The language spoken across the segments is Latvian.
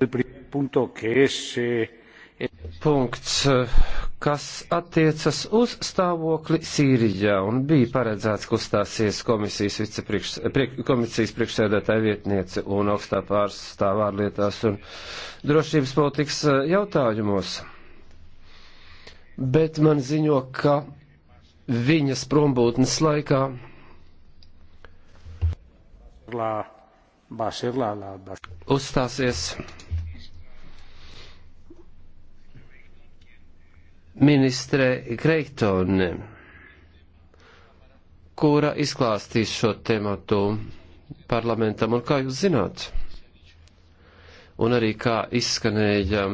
Eh, Punkts, eh, kas attiecas uz stāvokli Sīrijā un bija paredzēts, ka uzstāsies komisijas, vicepriekš, eh, priek, komisijas priekšsēdētāja vietniece un augstā pārstāvā ārlietās un drošības politikas jautājumos. Bet man ziņo, ka viņas prombūtnes laikā. La, basir, la, la, basir. Uzstāsies. ministre Kreitone, kura izklāstīs šo tematu parlamentam, un kā jūs zināt, un arī kā izskanēja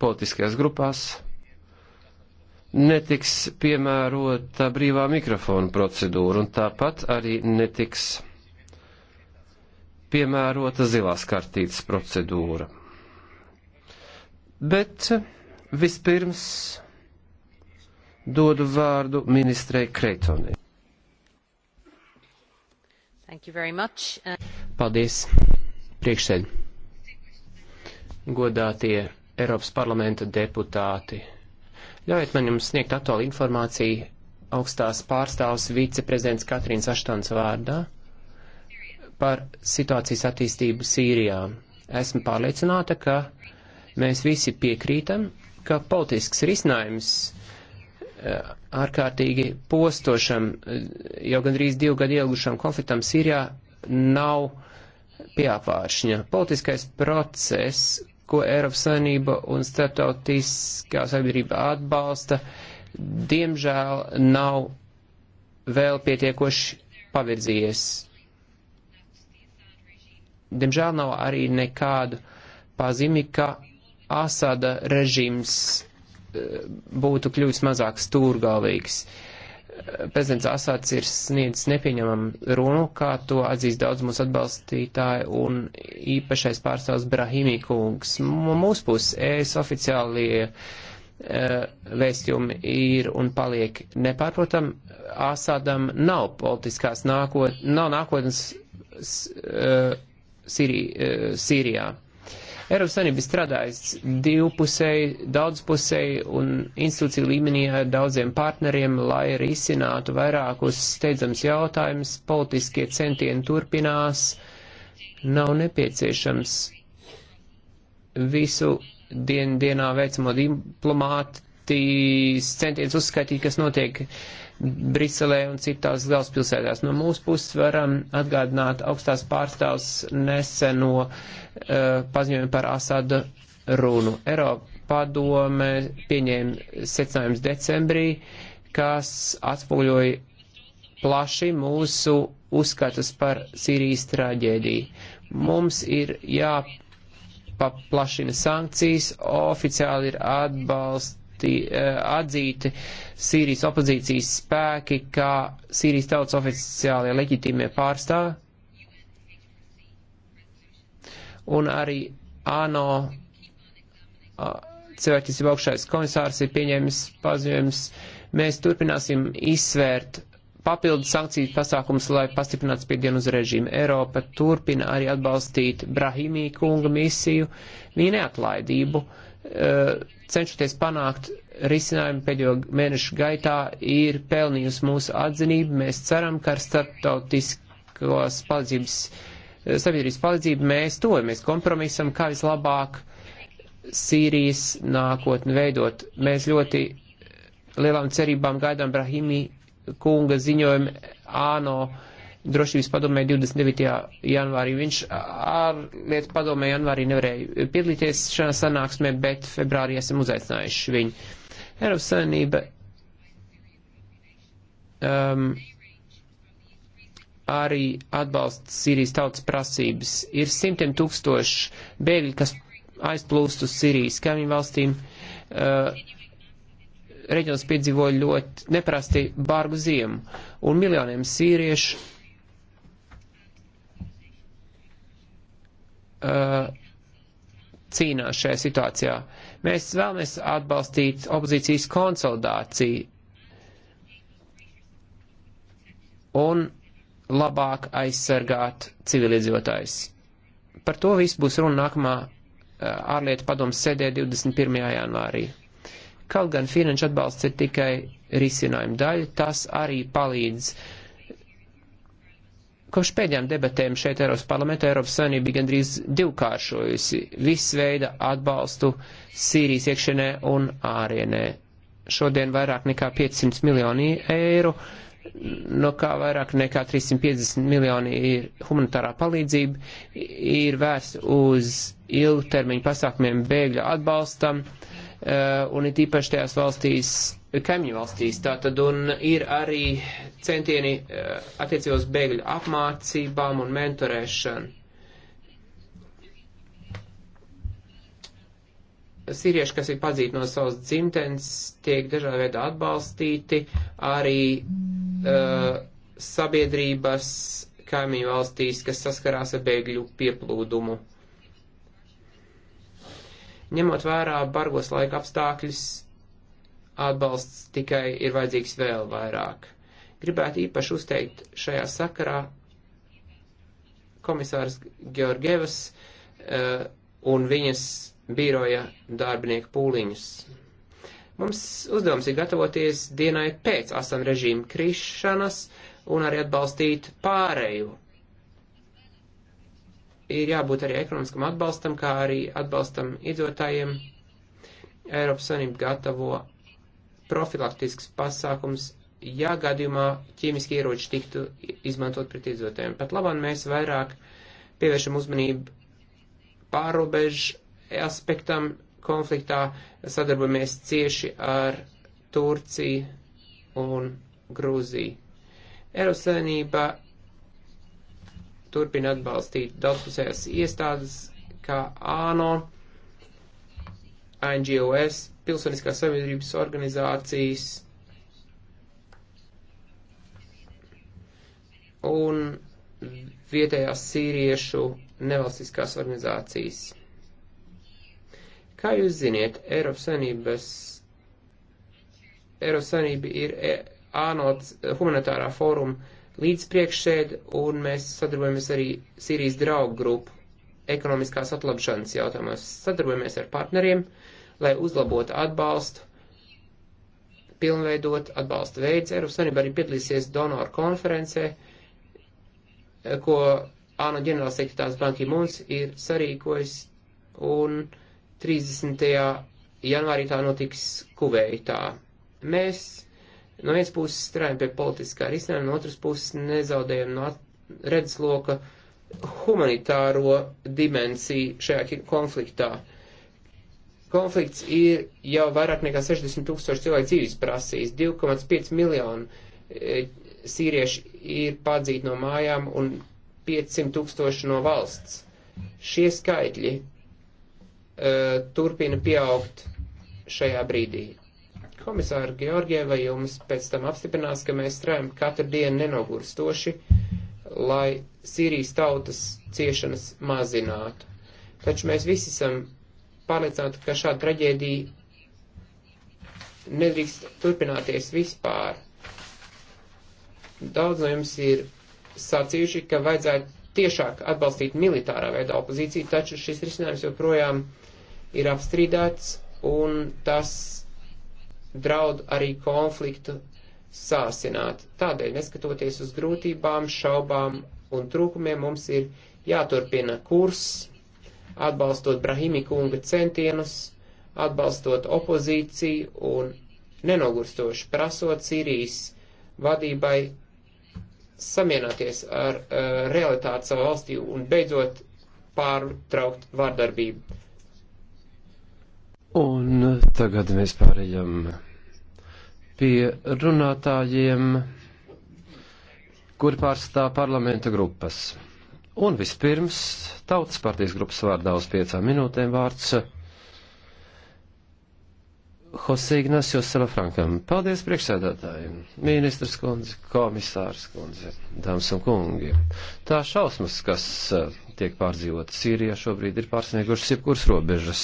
politiskajās grupās, netiks piemērota brīvā mikrofona procedūra, un tāpat arī netiks piemērota zilās kartītes procedūra. Bet Vispirms dodu vārdu ministrei Kreitonai. Paldies, priekšsēļ. Godātie Eiropas parlamenta deputāti. Ļaujiet man jums sniegt aktuālu informāciju augstās pārstāvs viceprezidents Katrīnas Aštons vārdā par situācijas attīstību Sīrijā. Esmu pārliecināta, ka mēs visi piekrītam, kā politisks risinājums e, ārkārtīgi postošam, e, jau gandrīz divu gadu ilgušam konfliktam Sīrijā nav pieapvāršņa. Politiskais process, ko Eiropas Savienība un starptautiskā sabiedrība atbalsta, diemžēl nav vēl pietiekoši pavirzījies. Diemžēl nav arī nekādu pazīmi, ka Asada režīms eh, būtu kļuvis mazāk stūrgalvīgs. Eh, prezidents Asāds ir sniedzis nepieņemam runu, kā to atzīst daudz mūsu atbalstītāji un īpašais pārstāvs Brahimī kungs. Mūsu puses es oficiālie eh, vēstījumi ir un paliek nepārprotam. Asādam nav politiskās nākotnes, nav nākotnes Sīrijā. Uh, Sīri, uh, Eiropas Savienība strādājas divpusēji, daudzpusēji un institūciju līmenī ar daudziem partneriem, lai risinātu vairākus steidzams jautājumus. Politiskie centieni turpinās. Nav nepieciešams visu dien, dienā veicamo diplomātijas centienus uzskaitīt, kas notiek uh, Briselē un citās galvaspilsētās. No mūsu puses varam atgādināt augstās pārstāvs neseno uh, paziņojumu par Asada runu. Eiropa padome pieņēma secinājums decembrī, kas atspoguļoja plaši mūsu uzskatus par Sīrijas traģēdiju. Mums ir jāpaplašina sankcijas, oficiāli ir atbalst, Eh, atzīti Sīrijas opozīcijas spēki kā Sīrijas tautas oficiālie leģitīmie pārstāvi. Un arī ANO cilvēktiesība augšais komisārs ir pieņēmis paziņojums, mēs turpināsim izsvērt papildu sankciju pasākums, lai pastiprinātu spiedienu uz režīmu. Eiropa turpina arī atbalstīt Brahimī kunga misiju, viņa neatlaidību. Uh, cenšoties panākt risinājumu pēdējo mēnešu gaitā, ir pelnījusi mūsu atzinību. Mēs ceram, ka ar starptautiskos palīdzības, sabiedrības palīdzību mēs tojamies kompromisam, kā vislabāk Sīrijas nākotni veidot. Mēs ļoti lielām cerībām gaidām Brahimi kunga ziņojumu ANO drošības padomē 29. janvārī. Viņš ārlietu padomē janvārī nevarēja piedalīties šajā sanāksmē, bet februārī esam uzaicinājuši viņu. Eiropas Savienība um, arī atbalsta Sīrijas tautas prasības. Ir simtiem tūkstoši bēgļi, kas aizplūst uz Sīrijas kaimiņu valstīm. Uh, reģions piedzīvoja ļoti neparasti bargu ziemu, un miljoniem sīriešu uh, cīnās šajā situācijā. Mēs vēlamies atbalstīt opozīcijas konsolidāciju un labāk aizsargāt civiliedzīvotājs. Par to viss būs runa nākamā uh, ārlietu padomas sēdē 21. janvārī. Kaut gan finanšu atbalsts ir tikai risinājuma daļa, tas arī palīdz uh, Kopš pēdējām debatēm šeit Eiropas parlamentā Eiropas Savienība bija gandrīz divkāršojusi visu veidu atbalstu Sīrijas iekšienē un ārienē. Šodien vairāk nekā 500 miljoni eiro, no kā vairāk nekā 350 miljoni ir humanitārā palīdzība, ir vērst uz ilgtermiņu pasākumiem bēgļu atbalstam, eh, un it īpaši tajās valstīs, kaimiņu valstīs. Tātad un ir arī centieni eh, attiecībā uz bēgļu apmācībām un mentorēšanu. sīrieši, kas ir padzīti no savas dzimtenes, tiek dažādā veidā atbalstīti arī uh, sabiedrības kaimiņu valstīs, kas saskarās ar bēgļu pieplūdumu. Ņemot vērā bargos laika apstākļus, atbalsts tikai ir vajadzīgs vēl vairāk. Gribētu īpaši uzteikt šajā sakarā komisārs Georgievas uh, un viņas biroja darbinieku pūliņus. Mums uzdevums ir gatavoties dienai pēc asam režīmu krišanas un arī atbalstīt pārēju. Ir jābūt arī ekonomiskam atbalstam, kā arī atbalstam iedzotājiem. Eiropas Savienība gatavo profilaktisks pasākums, ja gadījumā ķīmiski ieroči tiktu izmantot pret iedzotēm. Pat labāk mēs vairāk pievēršam uzmanību pārobežu aspektam konfliktā, sadarbojamies cieši ar Turciju un Grūziju. Eiropas Savienība turpina atbalstīt daudzpusējās iestādes kā ANO, NGOS pilsoniskās sabiedrības organizācijas. Un vietējās sīriešu nevalstiskās organizācijas. Kā jūs ziniet, Eiropas Sanības, Eiropas Sanība ir e, ānots humanitārā fóruma līdz priekšsēd, un mēs sadarbojamies arī Sīrijas draugu grupu ekonomiskās atlabšanas jautājumos. Sadarbojamies ar partneriem, uh, lai uzlabotu atbalstu, pilnveidot atbalsta veids. Eiropas Savienība arī piedalīsies donoru konferencē, ko ANO ģenerālsekretārs Banki Muns ir sarīkojis, un 30. janvārī tā notiks Kuveitā. Mēs no vienas puses strādājam pie politiskā risinājuma, no otras puses nezaudējam no redzesloka humanitāro dimensiju šajā konfliktā. Konflikts ir jau vairāk nekā 60 tūkstoši cilvēku dzīves prasījis, 2,5 miljonu e, sīrieši ir padzīti no mājām un 500 tūkstoši no valsts. Šie skaitļi e, turpina pieaugt šajā brīdī. Komisāra Georgieva jums pēc tam apstiprinās, ka mēs strādājam katru dienu nenogurstoši, lai Sīrijas tautas ciešanas mazinātu. Taču mēs visi esam pārliecināti, ka šāda traģēdija nedrīkst turpināties vispār. Daudz no jums ir sacījuši, ka vajadzētu tiešāk atbalstīt militārā veidā opozīciju, taču šis risinājums joprojām ir apstrīdēts un tas draud arī konfliktu sāsināt. Tādēļ, neskatoties uz grūtībām, šaubām un trūkumiem, mums ir jāturpina kurs, atbalstot Brahimi kunga centienus, atbalstot opozīciju un nenogurstoši prasot Sīrijas vadībai samienāties ar uh, realitāti savā valstī un beidzot pārtraukt vārdarbību. Un tagad mēs pārējām pie runātājiem, kur pārstāv parlamenta grupas. Un vispirms Tautas partijas grupas vārdā uz piecām minūtēm vārds Jose Ignacio Salafrankam. Paldies priekšsēdētājiem, ministrs kundze, komisārs kundze, dāmas un kungi. Tā šausmas, kas eh, tiek pārdzīvota Sīrijā šobrīd, ir pārsniegušas jebkuras robežas.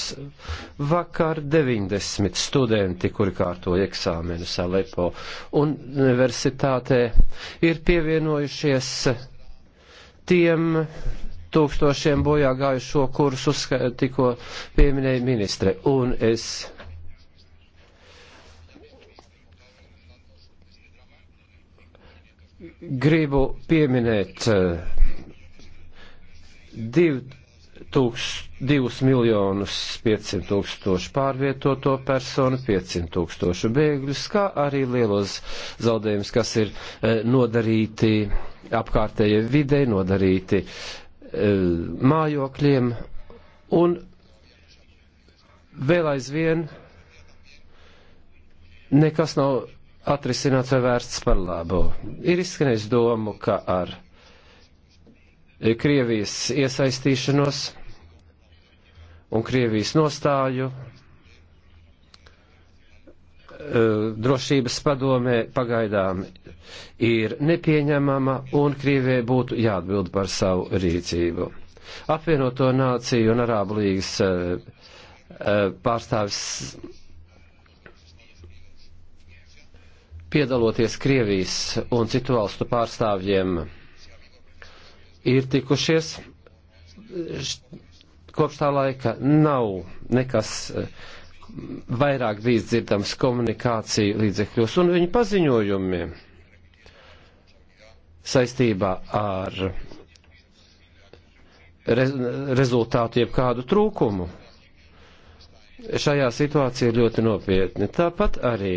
Vakar 90 studenti, kuri kārtoja eksāmenus Alepo universitātē, ir pievienojušies tiem tūkstošiem bojā gājušo, kurus uzska, tikko pieminēja ministre. Un es gribu pieminēt eh, divu. 2 miljonus 500 tūkstošu pārvietoto personu, 500 tūkstošu bēgļus, kā arī lielos zaudējumus, kas ir e, nodarīti apkārtējai videi, nodarīti e, mājokļiem un vēl aizvien nekas nav atrisināts vai vērsts par labu. Ir izskanējis domu, ka ar Krievijas iesaistīšanos un Krievijas nostāju e, drošības padomē pagaidām ir nepieņemama un Krievijai būtu jāatbild par savu rīcību. Apvienoto nāciju un Arābu līgas e, e, pārstāvis piedaloties Krievijas un citu valstu pārstāvjiem ir tikušies kopš tā laika nav nekas e, vairāk bijis dzirdams komunikāciju līdzekļos un viņa paziņojumi saistībā ar rez rezultātu jeb kādu trūkumu. Šajā situācija ir ļoti nopietni. Tāpat arī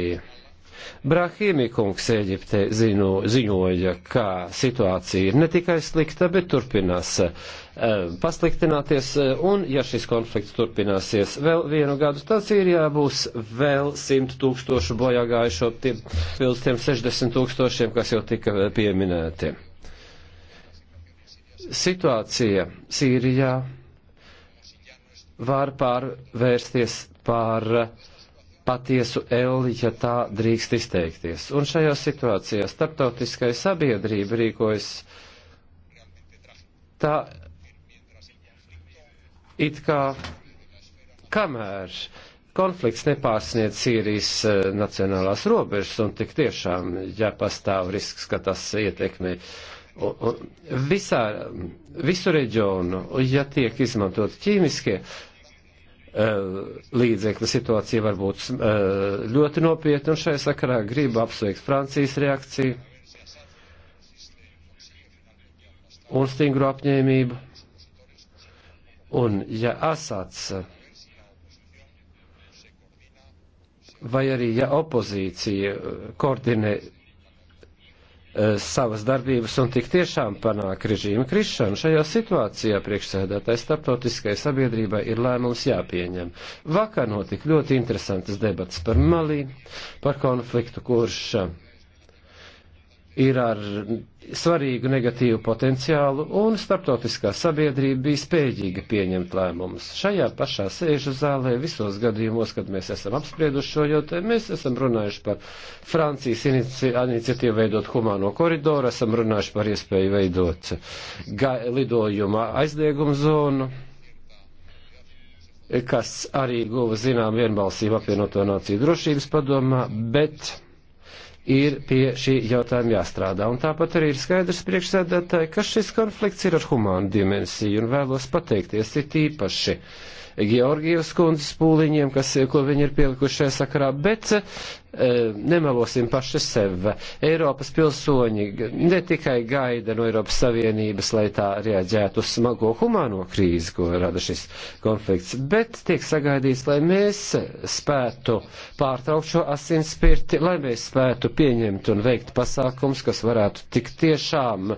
Brahīmikungs Eģiptē zinu, ziņoja, ka situācija ir ne tikai slikta, bet turpinās eh, pasliktināties, eh, un ja šis konflikts turpināsies vēl vienu gadu, tad Sīrijā būs vēl 100 tūkstošu bojāgājušo pildus tiem 60 tūkstošiem, kas jau tika eh, pieminēti. Situācija Sīrijā var pārvērsties par uh, patiesu elli, ja tā drīkst izteikties. Un šajā situācijā starptautiskai sabiedrība rīkojas tā it kā kamēr konflikts nepārsniedz Sīrijas e, nacionālās robežas, un tik tiešām, ja pastāv risks, ka tas ietekmē visā, visu reģionu, ja tiek izmantot ķīmiskie Eh, līdzekļu situācija var būt eh, ļoti nopietna, un šajā sakarā gribu apsveikt Francijas reakciju un stingru apņēmību. Un ja Asats vai arī ja opozīcija koordinē Eh, savas darbības un tik tiešām panāk režīma krišanu. Šajā situācijā priekšsēdētāji starptautiskai sabiedrībai ir lēmums jāpieņem. Vakar notika ļoti interesantas debats par Malī, par konfliktu, kurš ir ar svarīgu negatīvu potenciālu, un starptautiskā sabiedrība bija spējīga pieņemt lēmumus. Šajā pašā sēžu zālē visos gadījumos, kad mēs esam apsprieduši šo jautājumu, mēs esam runājuši par Francijas inici iniciatīvu veidot humāno koridoru, esam runājuši par iespēju veidot lidojuma aizliegumu zonu kas arī guva zinām vienbalsību apvienoto nāciju drošības padomā, bet ir pie šī jautājuma jāstrādā. Un tāpat arī ir skaidrs priekšsēdētāji, ka šis konflikts ir ar humānu dimensiju un vēlos pateikties it īpaši. Georgijos kundzes pūliņiem, kas, ko viņi ir pielikuši šajā sakarā, bet Eh, nemelosim paši sev. Eiropas pilsoņi ne tikai gaida no Eiropas Savienības, lai tā reaģētu uz smago humāno krīzi, ko rada šis konflikts, bet tiek sagaidīts, lai mēs spētu pārtraukt šo asinspirti, lai mēs spētu pieņemt un veikt pasākums, kas varētu tik tiešām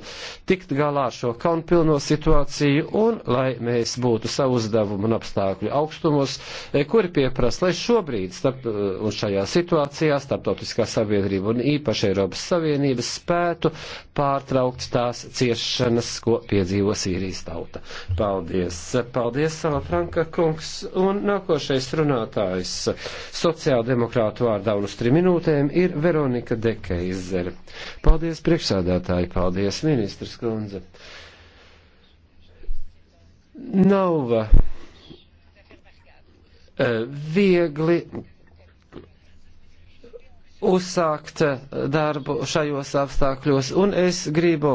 tikt galā ar šo kaunpilno situāciju un lai mēs būtu savu uzdevumu un apstākļu augstumos, eh, kuri pieprasa, lai šobrīd starp, eh, un šajā situācijā Vācijā starptautiskā sabiedrība un īpaši Eiropas Savienība spētu pārtraukt tās ciešanas, ko piedzīvo Sīrijas tauta. Paldies! Paldies, Sala Franka kungs! Un nākošais runātājs sociāldemokrātu vārdā un uz trim minūtēm ir Veronika Dekeizere. Paldies, priekšsādātāji! Paldies, ministrs Kundze! Nav eh, viegli uzsākt eh, darbu šajos apstākļos, un es gribu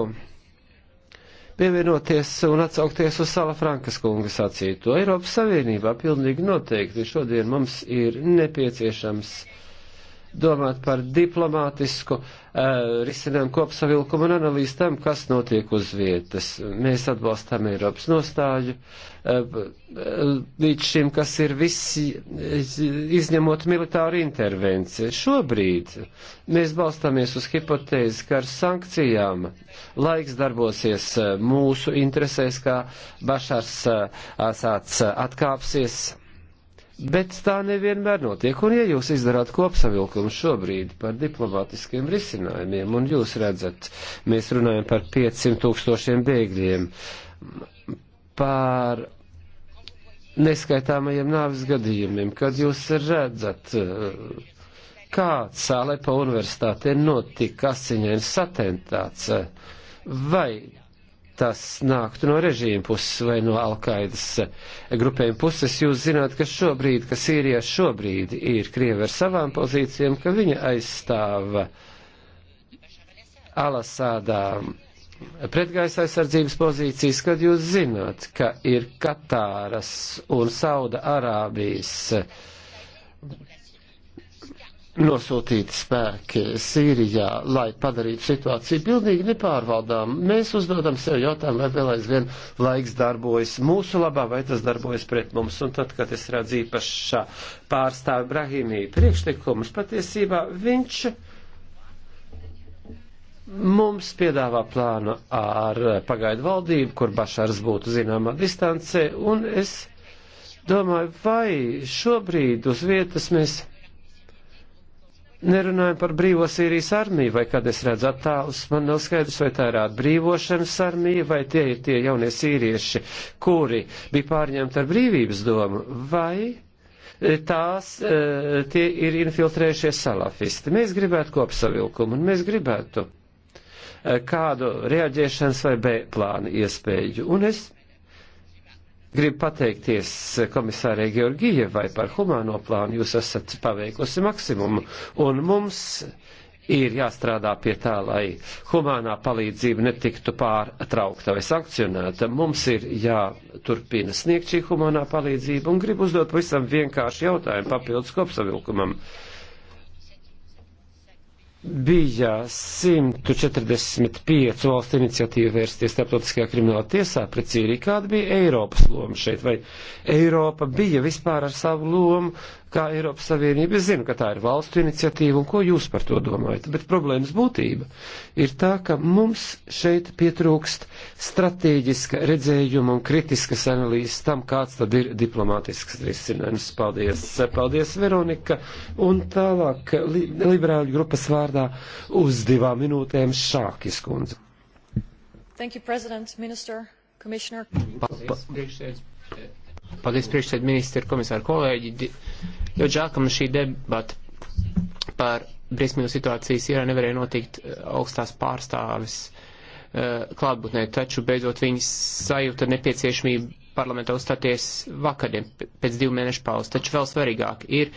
pievienoties un atsaukties uz Sala Frankas kunga sacīto. Eiropas Savienībā pilnīgi noteikti šodien mums ir nepieciešams domāt par diplomātisku uh, risinājumu kopsavilkumu un analīzi tam, kas notiek uz vietas. Mēs atbalstām Eiropas nostāju uh, līdz šim, kas ir visi izņemot militāru intervenciju. Šobrīd mēs balstāmies uz hipotēzi, ka ar sankcijām laiks darbosies eh, mūsu interesēs, kā Bašars Asāds atkāpsies bet tā nevienmēr notiek. Un ja jūs izdarāt kopsavilkumu šobrīd par diplomātiskiem risinājumiem, un jūs redzat, mēs runājam par 500 tūkstošiem bēgļiem, par neskaitāmajiem nāvis gadījumiem, kad jūs redzat, kāds Alepa universitātē notika asiņains atentāts, vai tas nāktu no režīma puses vai no Alkaidas grupējuma puses, jūs zināt, ka šobrīd, ka Sīrijā šobrīd ir Krievi ar savām pozīcijām, ka viņa aizstāv Alasādā pretgaisa aizsardzības pozīcijas, kad jūs zināt, ka ir Katāras un Sauda Arābijas nosūtīti spēki Sīrijā, lai padarītu situāciju pilnīgi nepārvaldām. Mēs uzdodam sev jautājumu, vai vēl aizvien laiks darbojas mūsu labā, vai tas darbojas pret mums. Un tad, kad es redzu īpašā pārstāvi Brahīmī priekšlikumus, patiesībā viņš mums piedāvā plānu ar pagaidu valdību, kur Bašars būtu zināmā distancē, un es domāju, vai šobrīd uz vietas mēs nerunājam par brīvo Sīrijas armiju, vai kad es redzu attālus, man nav skaidrs, vai tā ir atbrīvošanas armija, vai tie ir tie jaunie sīrieši, kuri bija pārņemti ar brīvības domu, vai e, tās, e, tie ir infiltrējušie salafisti. Mēs gribētu kopsavilkumu, un mēs gribētu e, kādu reaģēšanas vai B plānu iespēju. Un es Gribu pateikties komisārai Georgijevai par humāno plānu. Jūs esat paveikusi maksimumu. Un mums ir jāstrādā pie tā, lai humānā palīdzība netiktu pārtraukta vai sankcionēta. Mums ir jāturpina sniegt šī humānā palīdzība un gribu uzdot visam vienkāršu jautājumu papildus kopsavilkumam. Uh, bija 145 valstu iniciatīva vērsties starptautiskajā krimināla tiesā pret Sīriju. Kāda bija Eiropas loma šeit? Vai Eiropa bija vispār ar savu lomu kā Eiropas Savienība. Es zinu, ka tā ir valstu iniciatīva un ko jūs par to domājat, bet problēmas būtība ir tā, ka mums šeit pietrūkst strateģiska redzējuma un kritiskas analīzes tam, kāds tad ir diplomātisks risinājums. Paldies, paldies Veronika. Un tālāk li liberāļu grupas vārdā uz divām minūtēm Šākis kundze. Thank you, President, Minister, Commissioner. Pa, pa, Paldies, priekšsēd, ministri, komisāri, kolēģi. Ļoti žēl, ka mums šī debata par briesmīgu situāciju Sīrā nevarēja notikt eh, augstās pārstāvis eh, klātbūtnē, taču beidzot viņas sajūta nepieciešamību parlamentā uzstāties vakardien pēc divu mēnešu pauzes. Taču vēl svarīgāk ir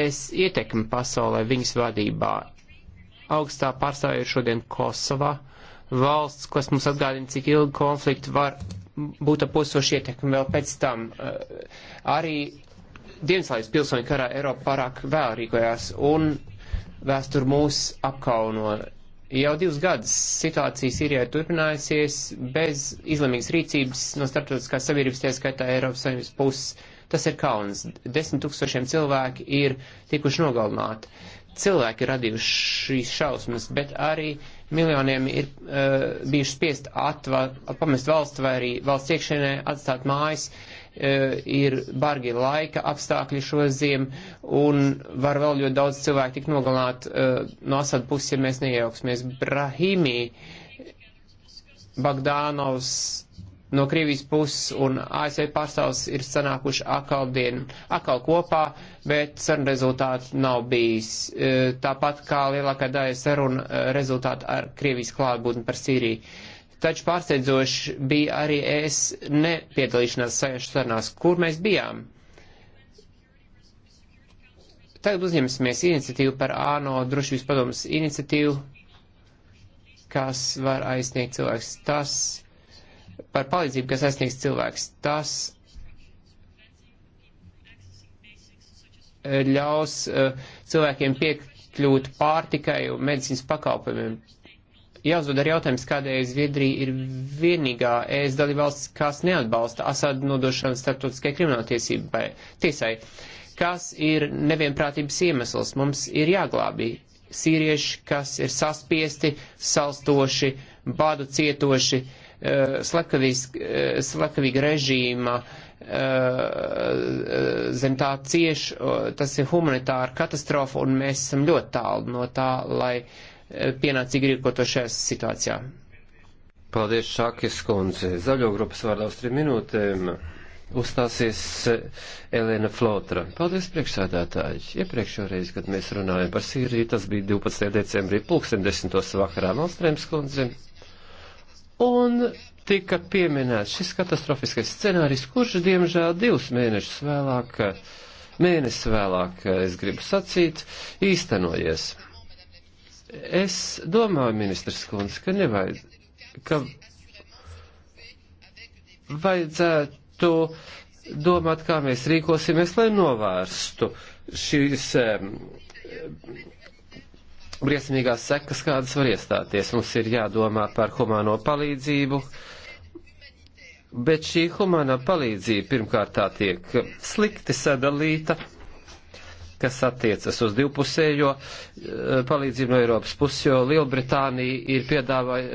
es ietekmi pasaulē viņas vadībā. Augstā pārstāvja ir šodien Kosova, valsts, kas mums atgādina, cik ilgi konflikti var būt apusoši ietekmi vēl pēc tam. Eh, arī Dienaslāvijas pilsoņu karā Eiropa pārāk vēl rīkojās un vēstur mūs apkauno. Jau divus gadus situācija Sīrijā ir turpinājusies bez izlemīgas rīcības no starptautiskās sabiedrības, tā skaitā Eiropas Savienības puses. Tas ir kauns. Desmit tūkstošiem cilvēki ir tikuši nogalināti. Cilvēki ir radījuši šīs šausmas, bet arī miljoniem ir uh, bijuši spiest atva, pamest valsts vai arī valsts iekšienē atstāt mājas. Uh, E, ir bargi laika apstākļi šo ziemu, un var vēl ļoti daudz cilvēku tik nogalināt e, no Asad puses, ja mēs neiejauksimies. Brahimī, Bagdānovs no Krievijas puses un ASV pārstāvs ir sanākuši akal dienu, akal kopā, bet saruna rezultāti nav bijis. E, tāpat kā lielākā daļa saruna rezultāti ar Krievijas klātbūtni par Sīriju. Taču pārsteidzoši bija arī es nepiedalīšanās sarunās, kur mēs bijām. Tagad uzņemsimies iniciatīvu par ANO drošības padomus iniciatīvu, kas var aizsniegt cilvēks. Tas par palīdzību, kas aizsniegs cilvēks. Tas eh, ļaus eh, cilvēkiem piekļūt pārtikai un medicīnas pakalpojumiem, jāuzdod arī jautājums, kādēļ Zviedrija ir vienīgā ES dalībvalsts, kas neatbalsta Asadu nodošanu starptautiskai krimināltiesībai tiesai. Kas ir nevienprātības iemesls? Mums ir jāglābī sīrieši, kas ir saspiesti, salstoši, badu cietoši, eh, slepkavīga eh, režīma, eh, zem tā cieši, tas ir humanitāra katastrofa, un mēs esam ļoti tālu no tā, lai pienācīgi rīkotos šajā situācijā. Paldies, Šakis kundze. Zaļo grupas vārdā uz trim minūtēm uzstāsies eh, Elena Flotra. Paldies, priekšsēdētāji. Iepriekšoreiz, kad mēs runājam par Sīriju, tas bija 12. decembrī, pulksten 10. vakarā Malstrēms kundze. Un tika pieminēts šis katastrofiskais scenārijs, kurš, diemžēl, divus mēnešus vēlāk, mēnesi vēlāk, eh, es gribu sacīt, īstenojies. Es domāju, ministrs Kunds, ka nevajadz, ka vajadzētu domāt, kā mēs rīkosimies, lai novērstu šīs briesmīgās sekas, kādas var iestāties. Mums ir jādomā par humāno palīdzību, bet šī humānā palīdzība pirmkārt tā tiek slikti sadalīta kas attiecas uz divpusējo eh, palīdzību no Eiropas puses, jo Lielbritānija ir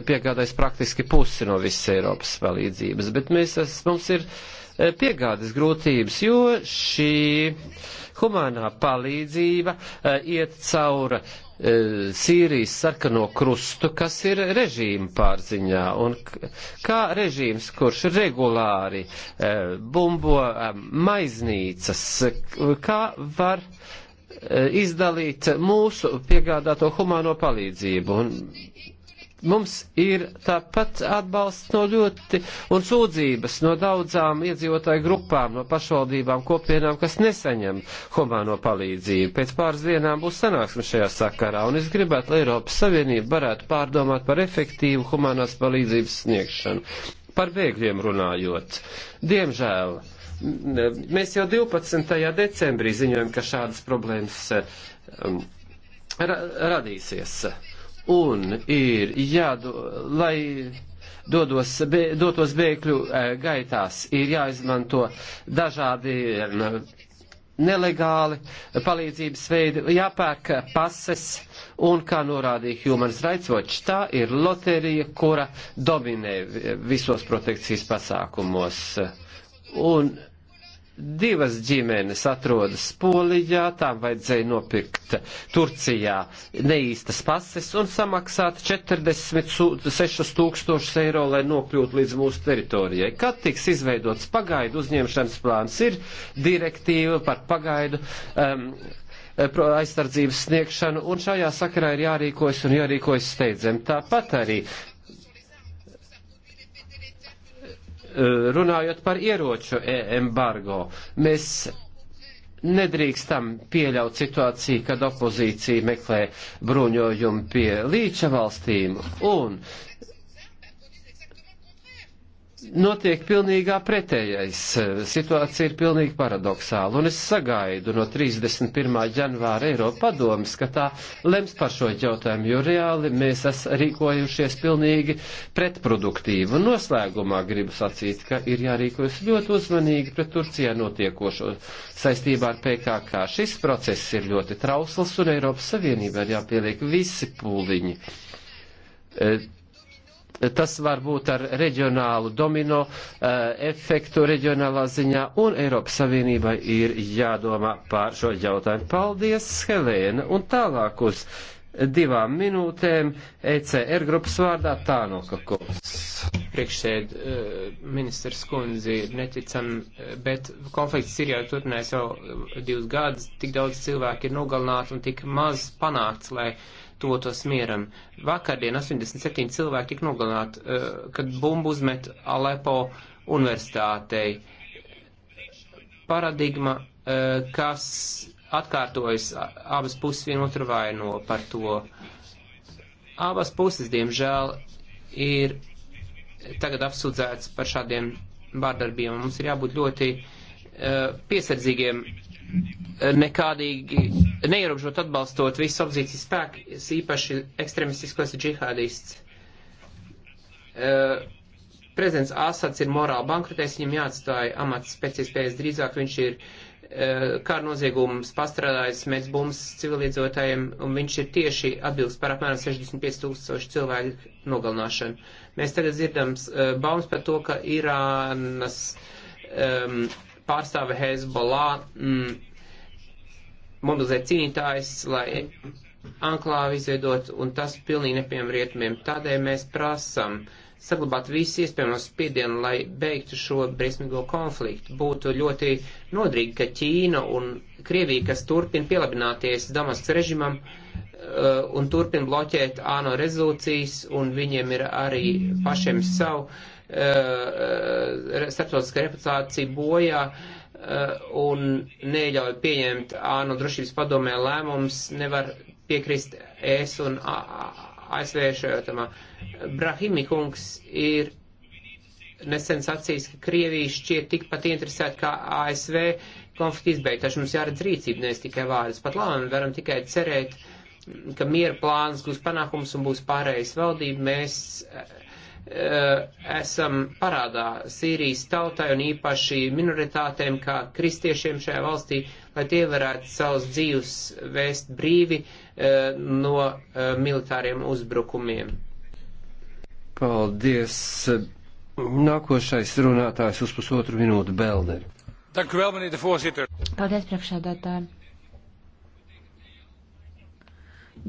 piegādājis praktiski pusi no visas Eiropas palīdzības, bet mēs, es, mums ir eh, piegādes grūtības, jo šī humānā palīdzība eh, iet caura E, Sīrijas sarkano krustu, kas ir režīma pārziņā, un kā režīms, kurš regulāri e, bumbo e, maiznīcas, kā var izdalīt mūsu piegādāto humāno palīdzību. Un Mums ir tāpat atbalsts no ļoti un sūdzības no daudzām iedzīvotāju grupām, no pašvaldībām, kopienām, kas nesaņem humāno palīdzību. Pēc pāris dienām būs sanāksme šajā sakarā, un es gribētu, lai Eiropas Savienība varētu pārdomāt par efektīvu humānās palīdzības sniegšanu. Par bēgļiem runājot. Diemžēl. Mēs jau 12. decembrī ziņojam, ka šādas problēmas um, ra radīsies un ir jādo, lai dodos, be, dotos bēgļu gaitās, ir jāizmanto dažādi nelegāli palīdzības veidi, jāpērk pases un, kā norādīja Human Rights Watch, tā ir loterija, kura dominē visos protekcijas pasākumos. Un divas ģimenes atrodas Polijā, tām vajadzēja nopirkt Turcijā neīstas pases un samaksāt 46 tūkstošus eiro, lai nokļūtu līdz mūsu teritorijai. Kad tiks izveidots pagaidu uzņemšanas plāns, ir direktīva par pagaidu. Um, aizsardzības sniegšanu, un šajā sakarā ir jārīkojas un jārīkojas steidzam. Tāpat arī Eh, runājot par ieroču e, embargo, mēs nedrīkstam pieļaut situāciju, kad opozīcija meklē bruņojumu pie līča valstīm un notiek pilnīgā pretējais. Situācija ir pilnīgi paradoxāla, un es sagaidu no 31. janvāra Eiropa padomas, ka tā lems par šo jautājumu, jo reāli mēs esam rīkojušies pilnīgi pretproduktīvi. Un noslēgumā gribu sacīt, ka ir jārīkojas ļoti uzmanīgi pret Turcijā notiekošo saistībā ar PKK. Šis process ir ļoti trausls, un Eiropas Savienībā ir jāpieliek visi pūliņi eh, Tas var būt ar reģionālu domino eh, efektu reģionālā ziņā, un Eiropas Savienībai ir jādomā pār šo jautājumu. Paldies, Helēna! Un tālāk uz divām minūtēm ECR grupas vārdā Tānoka kungs. Priekšsēd eh, ministrs kundzi ir neticam, bet konflikts Sirijā turpinājās jau divus gadus, tik daudz cilvēku ir nogalināti un tik maz panākts, lai tuvotos mieram. Vakardien 87 cilvēki tika nogalināti, eh, kad bumbu uzmet Alepo universitātei. Paradigma, eh, kas atkārtojas abas puses vienotru vaino par to. Abas puses, diemžēl, ir tagad apsūdzēts par šādiem vārdarbiem. Mums ir jābūt ļoti eh, piesardzīgiem nekādīgi neierobežot atbalstot visus opozīcijas spēkus, īpaši ekstremistiskos džihādists. Uh, prezidents Asads ir morāli bankrotējis, viņam jāatstāja amats pēc iespējas drīzāk, viņš ir uh, e, kā noziegums pastrādājis mēs bumbas civiliedzotājiem, un viņš ir tieši atbilst par apmēram 65 tūkstoši cilvēku nogalināšanu. Mēs tagad dzirdam uh, baumas par to, ka Irānas um, pārstāve Hezbollah, mm, mobilizēt cīnītājs, lai anklāvi izveidot, un tas pilnīgi nepiem rietumiem. Tādēļ mēs prasam saglabāt visu iespējamo spiedienu, lai beigtu šo briesmīgo konfliktu. Būtu ļoti nodrīgi, ka Ķīna un Krievija, kas turpina pielabināties Damaskas režimam, uh, un turpina bloķēt ANO rezolūcijas, un viņiem ir arī pašiem savu Eh, eh, starptautiskā reputācija bojā eh, un neļauj pieņemt ANO drošības padomē lēmums, nevar piekrist es un ASV šajā Brahimi kungs ir nesen sacījis, ka Krievija šķiet tikpat interesēta kā ASV konflikta izbeigt, taču mums jāredz rīcība, nevis tikai vārdas. Pat labi, varam tikai cerēt, ka miera plāns būs panākums un būs pārējais valdība. Mēs Eh, esam parādā Sīrijas tautai un īpaši minoritātēm kā kristiešiem šajā valstī, lai tie varētu savus dzīves vēst brīvi eh, no eh, militāriem uzbrukumiem. Paldies. Nākošais runātājs uz pusotru minūtu Belder. Paldies, priekšsēdētāji.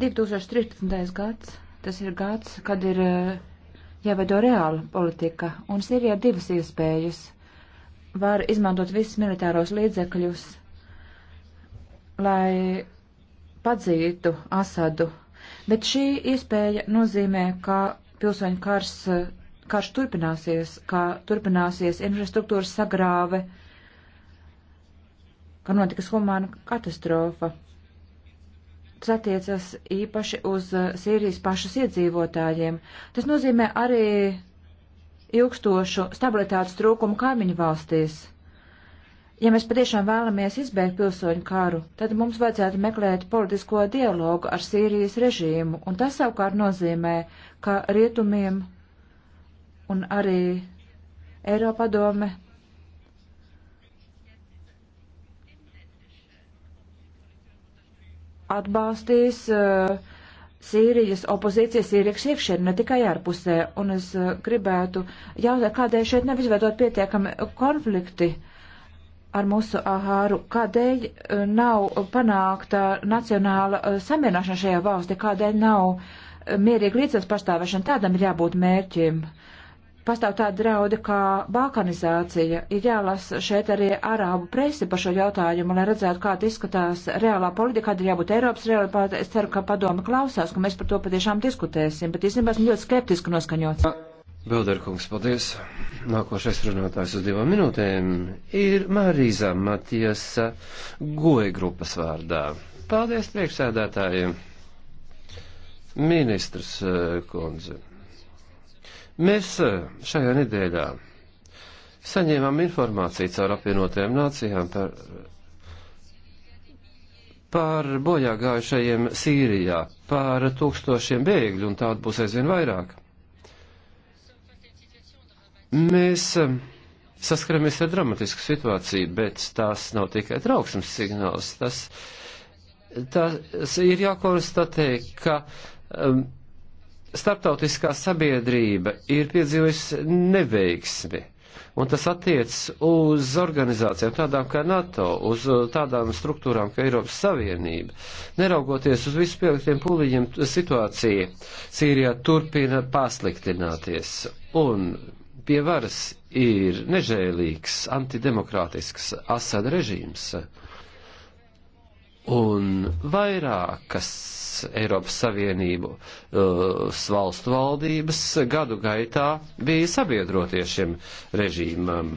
2013. gads, tas ir gads, kad ir uh, jāveido reāla politika, un Sīrijā divas iespējas. Var izmantot visus militāros līdzekļus, lai padzītu Asadu, bet šī iespēja nozīmē, ka pilsoņu kars, karš turpināsies, ka turpināsies infrastruktūras sagrāve, ka notikas humāna katastrofa. Tas attiecas īpaši uz uh, Sīrijas pašas iedzīvotājiem. Tas nozīmē arī ilgstošu stabilitātes trūkumu kaimiņu valstīs. Ja mēs patiešām vēlamies izbeigt pilsoņu kāru, tad mums vajadzētu meklēt politisko dialogu ar Sīrijas režīmu, un tas savukārt nozīmē, ka rietumiem un arī Eiropadome atbalstīs uh, Sīrijas opozīcijas Sīrijas iekšienē, ne tikai ārpusē. Un es uh, gribētu jautāt, kādēļ šeit nav izveidot pietiekami konflikti ar mūsu ahāru, kādēļ uh, nav panākta nacionāla samierināšana šajā valstī, kādēļ nav mierīga līdzsvars pastāvēšana, tādam ir jābūt mērķim. Uh, pastāv tāda drauda kā balkanizācija. Ir jālasa šeit arī arābu presi par šo jautājumu, lai redzētu, kāda izskatās reālā politika, kāda ir jābūt Eiropas realitāte. Es ceru, ka padoma klausās, ka mēs par to patiešām diskutēsim, bet īstenībā esmu ļoti skeptiski noskaņots. Bilderkungs, paldies. Nākošais runātājs uz divām minūtēm ir Marīza Matiesa Goja grupas vārdā. Paldies priekšsēdētājiem. Ministrs eh, kundze. Mēs eh, šajā nedēļā saņēmām informāciju caur apvienotajām nācijām par, par bojā gājušajiem Sīrijā, par tūkstošiem bēgļu, un tādu būs aizvien vairāk. Mēs eh, saskaramies ar dramatisku situāciju, bet tās nav tikai trauksmes signāls. Tas, tas ir jākonstatē, ka um, starptautiskā sabiedrība ir piedzīvojusi neveiksmi. Un tas attiecas uz organizācijām tādām kā NATO, uz uh, tādām struktūrām kā Eiropas Savienība. Neraugoties uz visu pieliktiem pūliņiem, situācija Sīrijā turpina pasliktināties. Un pie varas ir nežēlīgs, antidemokrātisks Asad režīms un vairākas Eiropas Savienību uh, valstu valdības gadu gaitā bija sabiedroties šiem režīmam.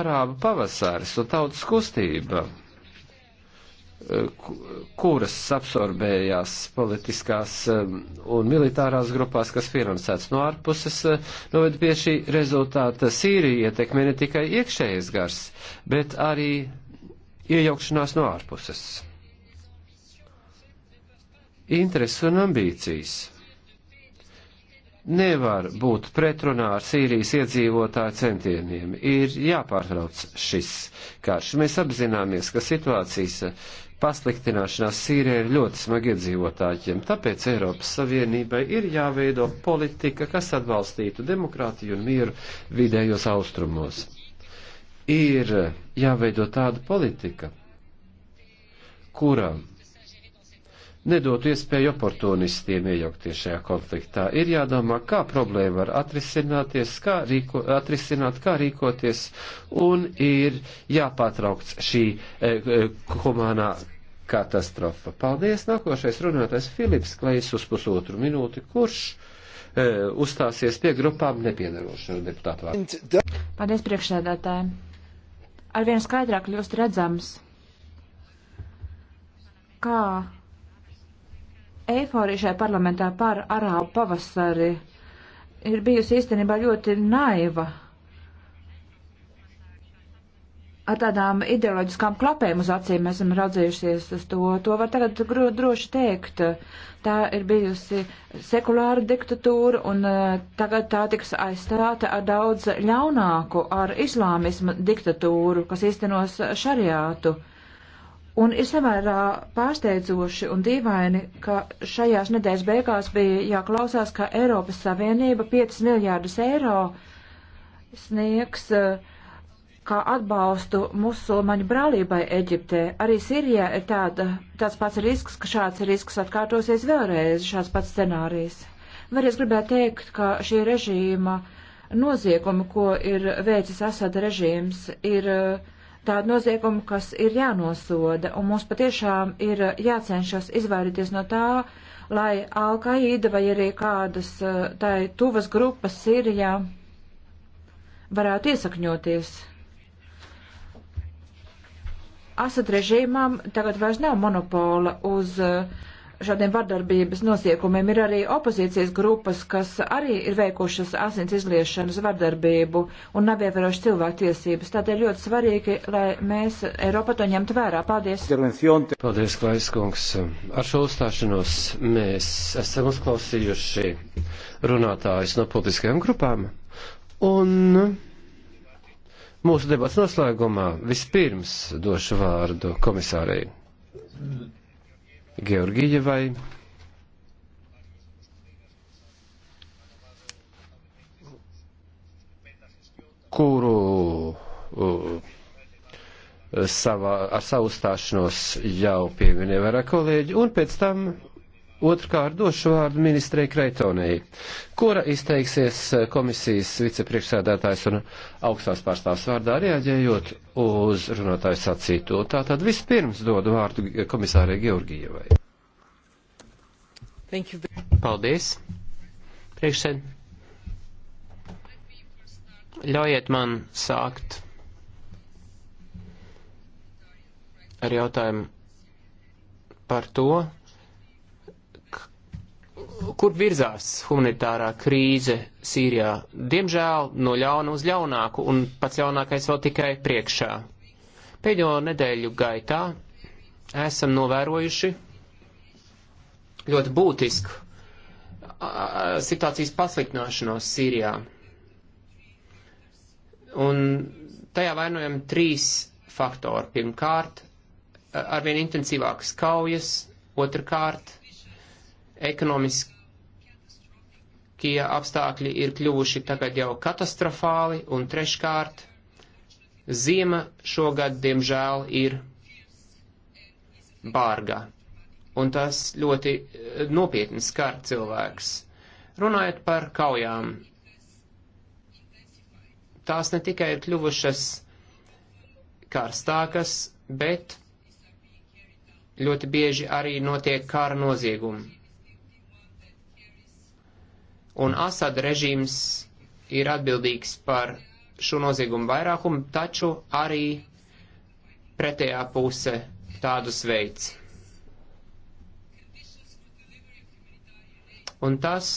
Arābu pavasaris un tautas kustība, uh, kuras absorbējās politiskās um, un militārās grupās, kas finansēts no ārpuses, uh, noved pie šī rezultāta Sīrija ietekmē ne tikai iekšējais gars, bet arī iejaukšanās no ārpuses. Intereses un ambīcijas nevar būt pretrunā ar Sīrijas iedzīvotāju centieniem. Ir jāpārtrauc šis karš. Mēs apzināmies, ka situācijas pasliktināšanās Sīrijā ir ļoti smagi iedzīvotājiem. Tāpēc Eiropas Savienībai ir jāveido politika, kas atbalstītu demokrātiju un mieru vidējos austrumos ir jāveido tāda politika, kuram nedotu iespēju oportunistiem iejaukties šajā konfliktā. Ir jādomā, kā problēma var atrisināties, kā, rīko, atrisināt, kā rīkoties, un ir jāpārtraukts šī e, e, humānā katastrofa. Paldies! Nākošais runātais Filips Klejs uz pusotru minūti, kurš e, uzstāsies pie grupām nepiedarošu deputātu vārdu. Paldies priekšsēdētājiem! arvien skaidrāk kļūst redzams, kā eiforija šajā parlamentā par arābu pavasari ir bijusi īstenībā ļoti naiva ar tādām ideoloģiskām klapēm uz acīm esam raudzējušies uz to. To var tagad droši teikt. Tā ir bijusi sekulāra diktatūra, un e, tagad tā tiks aizstāta ar daudz ļaunāku, ar islāmismu diktatūru, kas īstenos šariātu. Un ir samērā pārsteidzoši un dīvaini, ka šajās nedēļas beigās bija jāklausās, ka Eiropas Savienība 5 miljārdus eiro sniegs uh, kā atbalstu musulmaņu brālībai Eģiptē. Arī Sirijā ir tāda, tāds pats risks, ka šāds risks atkārtosies vēlreiz, šāds pats scenārijs. Var es gribētu teikt, ka šī režīma noziegumi, ko ir veicis Asada režīms, ir uh, tādi noziegumi, kas ir jānosoda, un mums patiešām ir uh, jācenšas izvairīties no tā, lai Alkaīda vai arī kādas uh, tai tuvas grupas Sirijā varētu iesakņoties Asad režīmām tagad vairs nav monopola uz eh, šādiem vardarbības noziekumiem. Ir arī opozīcijas grupas, kas arī ir veikušas asins izliešanas vardarbību un nav ievērojuši cilvēktiesības. Tādēļ ļoti svarīgi, lai mēs Eiropa to ņemtu vērā. Paldies! Paldies, Klaiskungs! Ar šo uzstāšanos mēs esam uzklausījuši runātājus no politiskajām grupām. Un Mūsu debats noslēgumā vispirms došu vārdu komisārei Georgijevai. kuru uh, savā, ar savu stāšanos jau pieminēja vairāk kolēģi, un pēc tam Otrkārt, došu vārdu ministrei Kreitonei, kura izteiksies komisijas vicepriekšsēdētājs un augstās pārstāvs vārdā reaģējot uz runātāju sacīto. Tātad vispirms dodu vārdu komisārai Georgijevai. Paldies. Priekšsēd. Ļaujiet man sākt ar jautājumu par to, kur virzās humanitārā krīze Sīrijā. Diemžēl no ļauna uz ļaunāku, un pats jaunākais vēl tikai priekšā. Pēdējo nedēļu gaitā esam novērojuši ļoti būtisku situācijas pasliktināšanos Sīrijā. Un tajā vainojam trīs faktori. Pirmkārt, arvien intensīvākas kaujas, otrkārt, ekonomiski Tie apstākļi ir kļuvuši tagad jau katastrofāli, un treškārt, ziema šogad, diemžēl, ir bārga, un tas ļoti eh, nopietni skar cilvēks. Runājot par kaujām, tās ne tikai ir kļuvušas karstākas, bet ļoti bieži arī notiek kara noziegumi un Asada režīms ir atbildīgs par šo noziegumu vairākumu, taču arī pretējā puse tādus veids. Un tas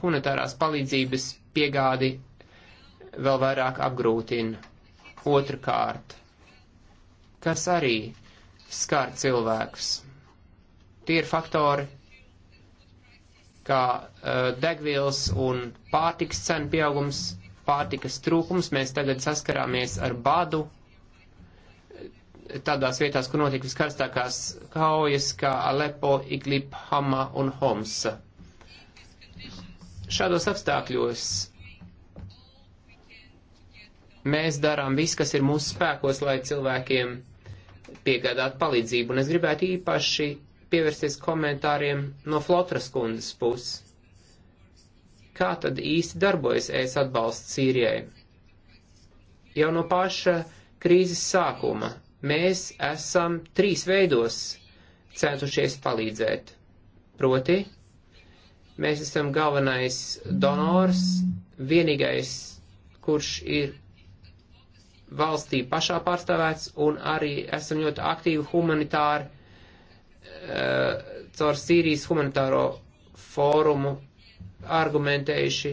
humanitārās palīdzības piegādi vēl vairāk apgrūtina. Otrakārt, kas arī skār cilvēkus. Tie ir faktori, kā uh, degvielas un pārtikas cenu pieaugums, pārtikas trūkums. Mēs tagad saskarāmies ar badu e, tādās vietās, kur notika viskarstākās kaujas, kā Alepo, Iglip, Hama un Homs. Šādos apstākļos mēs darām visu, kas ir mūsu spēkos, lai cilvēkiem piegādātu palīdzību. Un es gribētu īpaši pievērsties komentāriem no Flotras kundzes puses. Kā tad īsti darbojas ēs atbalsts Sīrijai? Jau no paša krīzes sākuma mēs esam trīs veidos centušies palīdzēt. Proti, mēs esam galvenais donors, vienīgais, kurš ir valstī pašā pārstāvēts, un arī esam ļoti aktīvi humanitāri Uh, caur Sīrijas humanitāro fórumu argumentējuši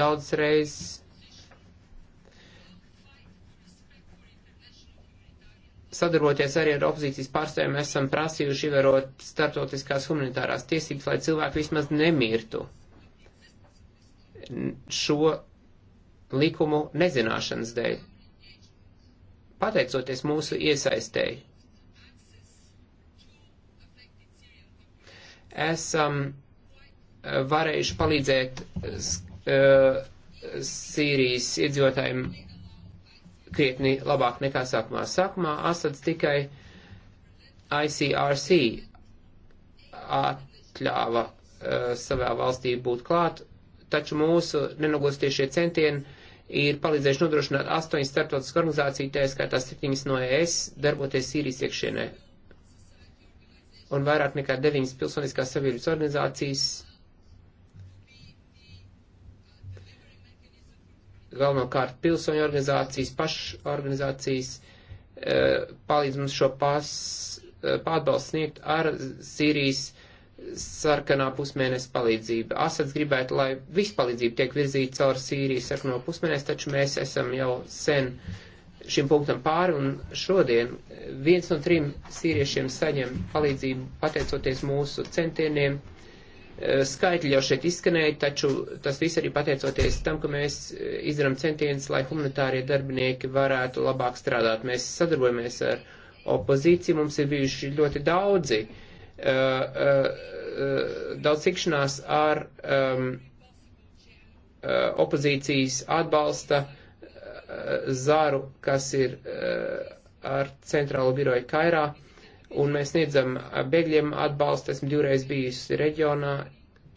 daudz reizes. Sadarboties arī ar opozīcijas pārstāvjiem, esam prasījuši ievērot startotiskās humanitārās tiesības, lai cilvēki vismaz nemirtu šo likumu nezināšanas dēļ. Pateicoties mūsu iesaistēji, esam eh, varējuši palīdzēt uh, Sīrijas iedzīvotājiem krietni labāk nekā sākumā. Sākumā Asads tikai ICRC atļāva uh, savā valstī būt klāt, taču mūsu nenogurstošie centieni ir palīdzējuši nodrošināt astoņas starptautiskas organizācijas, tā skaitā septiņas no ES, darboties Sīrijas iekšienē un vairāk nekā deviņas pilsoniskās sabiedrības organizācijas. Galvenokārt pilsoņu organizācijas, pašorganizācijas eh, palīdz mums šo pas, eh, pārbalstu sniegt ar Sīrijas sarkanā pusmēnesi palīdzību. Asats gribētu, lai viss palīdzība tiek virzīta caur Sīrijas sarkano pusmēnesi, taču mēs esam jau sen uh, šim punktam pāri, un šodien viens no trim sīriešiem saņem palīdzību pateicoties mūsu centieniem. Eh, skaitļi jau šeit izskanēja, taču tas viss arī pateicoties tam, ka mēs eh, izdarām centienus, lai humanitārie darbinieki varētu labāk strādāt. Mēs sadarbojamies ar opozīciju, mums ir bijuši ļoti daudzi, eh, daudz tikšanās ar ehm, opozīcijas atbalsta uh, Eh, zāru, kas ir eh, ar centrālo biroju Kairā, un mēs sniedzam eh, bēgļiem atbalstu, esmu divreiz bijis reģionā,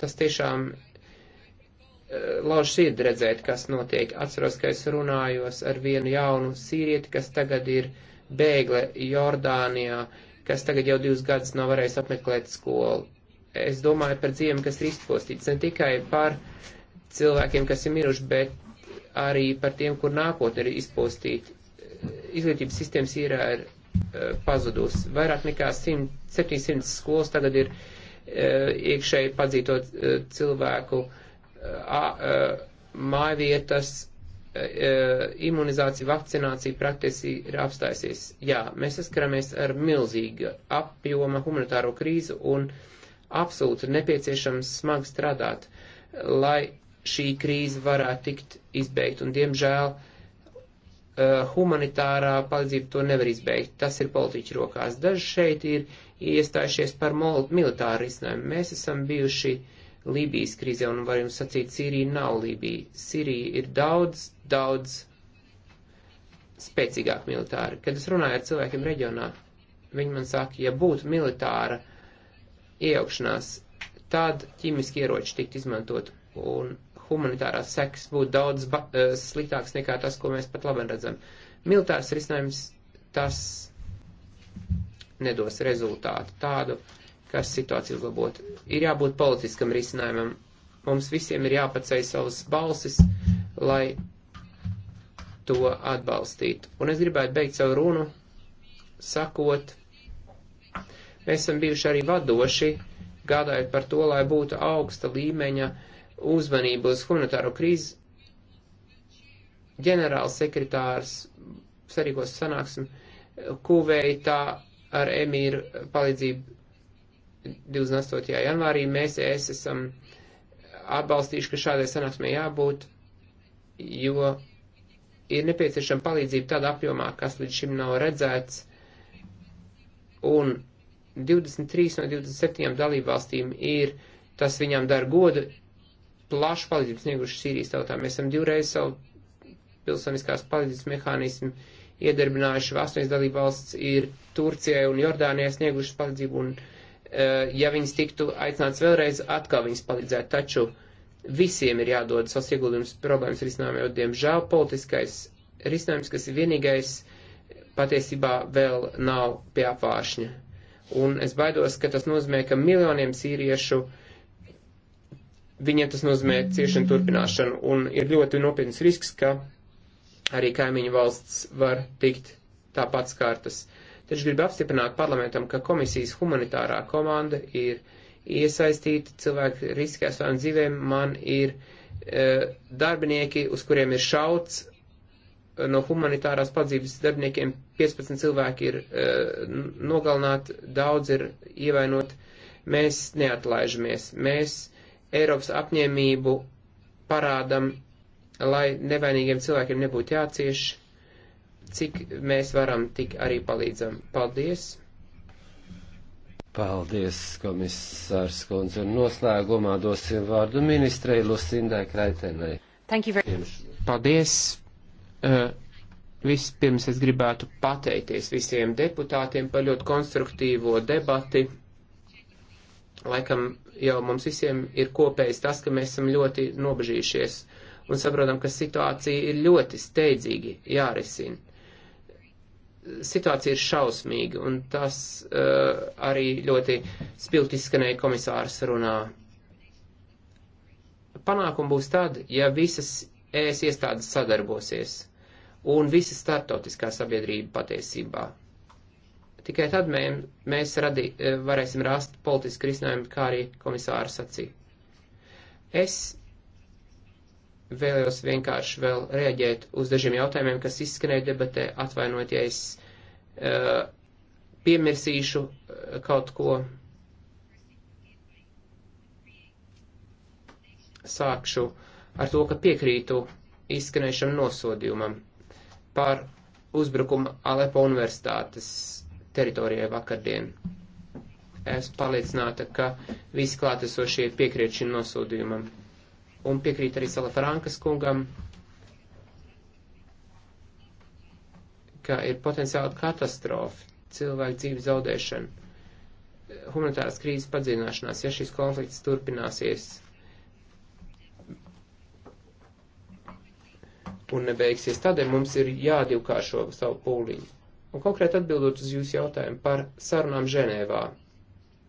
tas tiešām lauž sirdi redzēt, kas notiek. Atceros, ka es runājos ar vienu jaunu sīrieti, kas tagad ir bēgle Jordānijā, kas tagad jau divus gadus nav varējis apmeklēt skolu. Es domāju par dzīvēm, kas ir izpostīts, ne tikai par cilvēkiem, kas ir miruši, bet arī par tiem, kur nākotne ir izpostīta. Eh, izglītības sistēmas ir uh, pazudus. Vairāk nekā 100, 700 skolas tagad ir uh, iekšēji padzītot uh, cilvēku mājvietas, imunizācija, vakcinācija praktiski ir apstājusies. Jā, mēs saskaramies ar milzīgu apjoma humanitāro krīzu un absolūti nepieciešams smagi strādāt, lai šī krīze varētu tikt izbeigt, un diemžēl eh, humanitārā palīdzība to nevar izbeigt. Tas ir politiķu rokās. Daži šeit ir iestājušies par militāru risinājumu. Mēs esam bijuši Lībijas krīzē, un var jums sacīt, Sīrija nav Lībija. Sīrija ir daudz, daudz spēcīgāk militāri. Kad es runāju ar cilvēkiem reģionā, viņi man saka, ja būtu militāra iejaukšanās, tad ķīmiski ieroči tikt izmantot. Un humanitārās sekas būtu daudz ba, eh, sliktāks nekā tas, ko mēs pat labi redzam. Militārs risinājums tas nedos rezultātu tādu, kas situāciju uzlabotu. Ir jābūt politiskam risinājumam. Mums visiem ir jāpacei savas balsis, lai to atbalstītu. Un es gribētu beigt savu runu, sakot, mēs esam bijuši arī vadoši, gādājot par to, lai būtu augsta līmeņa uh, uzmanību uz humanitāro krīzi, ģenerāls sekretārs sarīkos sanāksmi Kuveitā ar emīru palīdzību 28. janvārī. Mēs es esam atbalstījuši, ka šādai sanāksmē jābūt, jo ir nepieciešama palīdzība tādā apjomā, kas līdz šim nav redzēts, un 23 no 27 dalībvalstīm ir, tas viņām dar godu, plašu palīdzību snieguši Sīrijas tautām. Mēs esam divreiz savu pilsoniskās palīdzības mehānismu iedarbinājuši. Astoņas dalībvalsts ir Turcijai un Jordānijai sniegušas palīdzību, un uh, ja viņas tiktu aicināts vēlreiz, atkal viņas palīdzētu. Taču visiem ir jādod savs ieguldījums problēmas risinājumā, jo, diemžēl, politiskais risinājums, kas ir vienīgais, patiesībā vēl nav pie apvāršņa. Un es baidos, ka tas nozīmē, ka miljoniem sīriešu uh, viņiem tas nozīmē ciešanu turpināšanu, un ir ļoti nopietns risks, ka arī kaimiņu valsts var tikt tāpat skārtas. Taču gribu apstiprināt parlamentam, ka komisijas humanitārā komanda ir iesaistīta cilvēku riskā savām dzīvēm. Man ir e, darbinieki, uz kuriem ir šauts, e, no humanitārās palīdzības darbiniekiem 15 cilvēki ir e, nogalināti, daudz ir ievainot. Mēs neatlaižamies. Mēs Eiropas apņēmību parādam, lai nevainīgiem cilvēkiem nebūtu jācieš, cik mēs varam, tik arī palīdzam. Paldies! Paldies, komisārs kundze, un noslēgumā dosim vārdu ministrei Lusindai Kraitenai. Paldies! Uh, vispirms es gribētu pateikties visiem deputātiem par ļoti konstruktīvo debati laikam jau mums visiem ir kopējis tas, ka mēs esam ļoti nobežījušies un saprotam, ka situācija ir ļoti steidzīgi jārisina. Situācija ir šausmīga, un tas uh, arī ļoti spilti izskanēja komisārs runā. Panākumi būs tad, ja visas ES iestādes sadarbosies un visa startautiskā sabiedrība patiesībā Tikai tad mē, mēs radī, e, varēsim rast politisku risinājumu, kā arī komisāra sacīja. Es vēlējos vienkārši vēl reaģēt uz dažiem jautājumiem, kas izskanēja debatē, atvainojot, ja es uh, piemirsīšu e, kaut ko. Sākšu ar to, ka piekrītu izskanējušam nosodījumam par uzbrukumu Alepo universitātes teritorijai vakardien. Es pārliecināta, ka visi klātesošie piekrīt šim nosūdījumam. Un piekrīt arī Salafrankas kungam, ka ir potenciāli katastrofa, cilvēku dzīves zaudēšana, humanitāras krīzes padziļināšanās, ja šis konflikts turpināsies un nebeigsies. Tādēļ mums ir jādivkāršo savu pūliņu. Un konkrēti atbildot uz jūsu jautājumu par sarunām Ženēvā.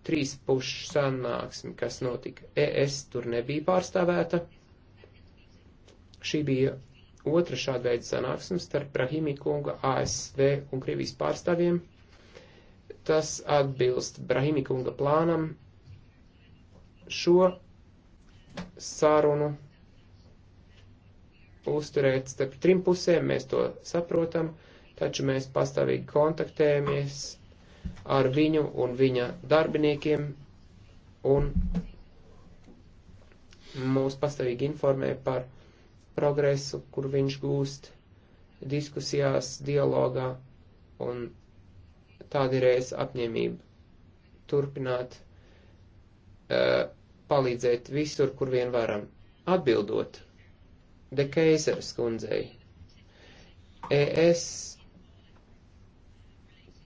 Trīs pušu sanāksmi, kas notika, ES tur nebija pārstāvēta. Šī bija otra šāda veida sanāksme starp Brahimī kunga, ASV un Krievijas pārstāvjiem. Tas atbilst Brahimī kunga plānam šo sarunu uzturēt starp trim pusēm, mēs to saprotam. Uh, taču mēs pastāvīgi kontaktējamies ar viņu un viņa darbiniekiem, un mūs pastāvīgi informē par progresu, kur viņš gūst diskusijās, dialogā, un tāda ir es apņēmība turpināt uh, palīdzēt visur, kur vien varam. Atbildot, de Keizers kundzei, ES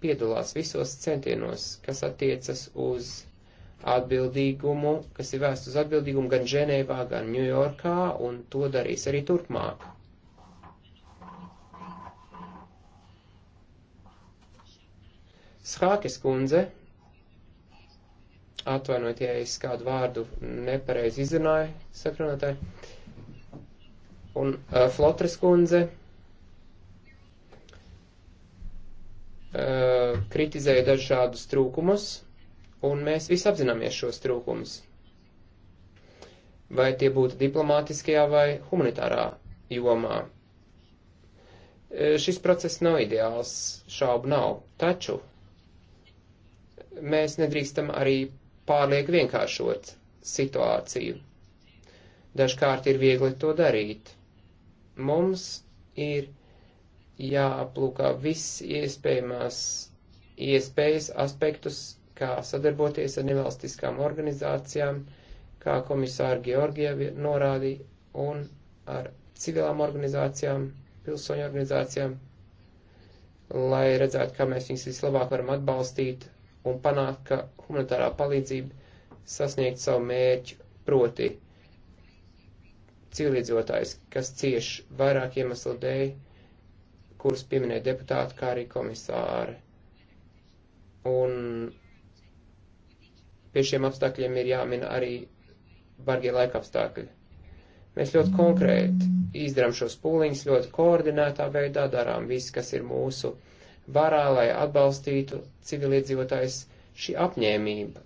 piedalās visos centienos, kas attiecas uz atbildīgumu, kas ir vērsts uz atbildīgumu gan Ženēvā, gan Ņujorkā, un to darīs arī turpmāk. Schākes kundze, atvainojiet, ja es kādu vārdu nepareizi izrunāju, sakrunātāji, un uh, Flotres kundze Uh, kritizēja dažādus trūkumus, un mēs visi apzināmies šos trūkumus. Vai tie būtu diplomātiskajā vai humanitārā jomā. Uh, šis process nav ideāls, šaubu nav, taču mēs nedrīkstam arī pārlieku vienkāršot situāciju. Dažkārt ir viegli to darīt. Mums ir jāaplūkā viss iespējamās iespējas, aspektus, kā sadarboties ar nevalstiskām organizācijām, kā komisāra Georgievi norādīja, un ar civilām organizācijām, pilsoņu organizācijām, lai redzētu, kā mēs viņus vislabāk varam atbalstīt un panākt, ka humanitārā palīdzība sasniegt savu mērķu, proti civilizotais, kas cieš vairāk iemeslu dēļ, kurus pieminēja deputāti, kā arī komisāri. Un pie šiem apstākļiem ir jāmin arī bargie laika apstākļi. Mēs ļoti konkrēti izdarām šos pūliņus, ļoti koordinētā veidā darām visu, kas ir mūsu varā, lai atbalstītu civiliedzīvotājs šī apņēmība.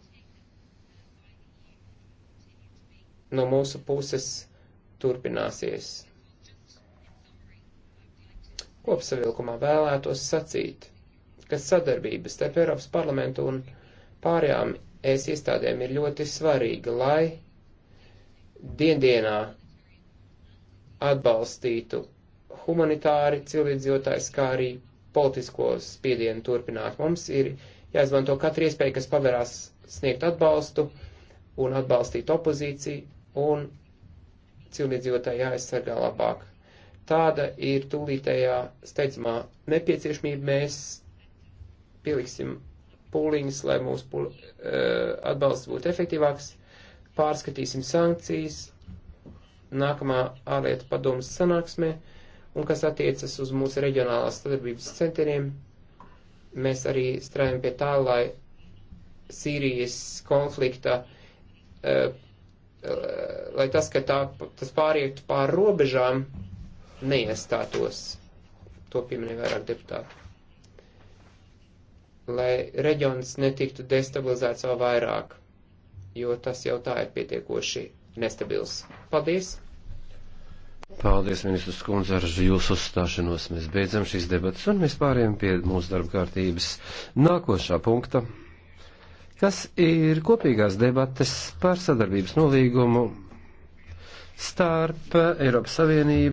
No mūsu puses turpināsies. Kopsavilkumā vēlētos sacīt, ka sadarbība starp Eiropas parlamentu un pārējām es iestādēm ir ļoti svarīga, lai diendienā atbalstītu humanitāri cilvēdzīvotājs, kā arī politisko spiedienu turpināt. Mums ir jāizmanto katra iespēja, kas pavērās sniegt atbalstu un atbalstīt opozīciju, un cilvēdzīvotāji jāaizsargā labāk tāda ir tūlītējā steidzamā nepieciešamība. Mēs pieliksim pūliņus, lai mūsu pūl, uh, atbalsts būtu efektīvāks, pārskatīsim sankcijas nākamā ārlietu padomas sanāksmē, un kas attiecas uz mūsu reģionālās sadarbības centieniem, mēs arī strādājam pie tā, lai Sīrijas konflikta, uh, uh, lai tas, ka tā, tas pāriektu pār robežām, uh, neiestātos. To pieminēja vairāk deputāti. Lai reģions netiktu destabilizēts vēl vairāk, jo tas jau tā ir pietiekoši nestabils. Paldies! Paldies, ministrs Kundze, ar jūsu uzstāšanos. Mēs beidzam šīs debatas un mēs pāriem pie mūsu darba kārtības nākošā punkta, kas ir kopīgās debates par sadarbības nolīgumu starp Eiropas Savienību.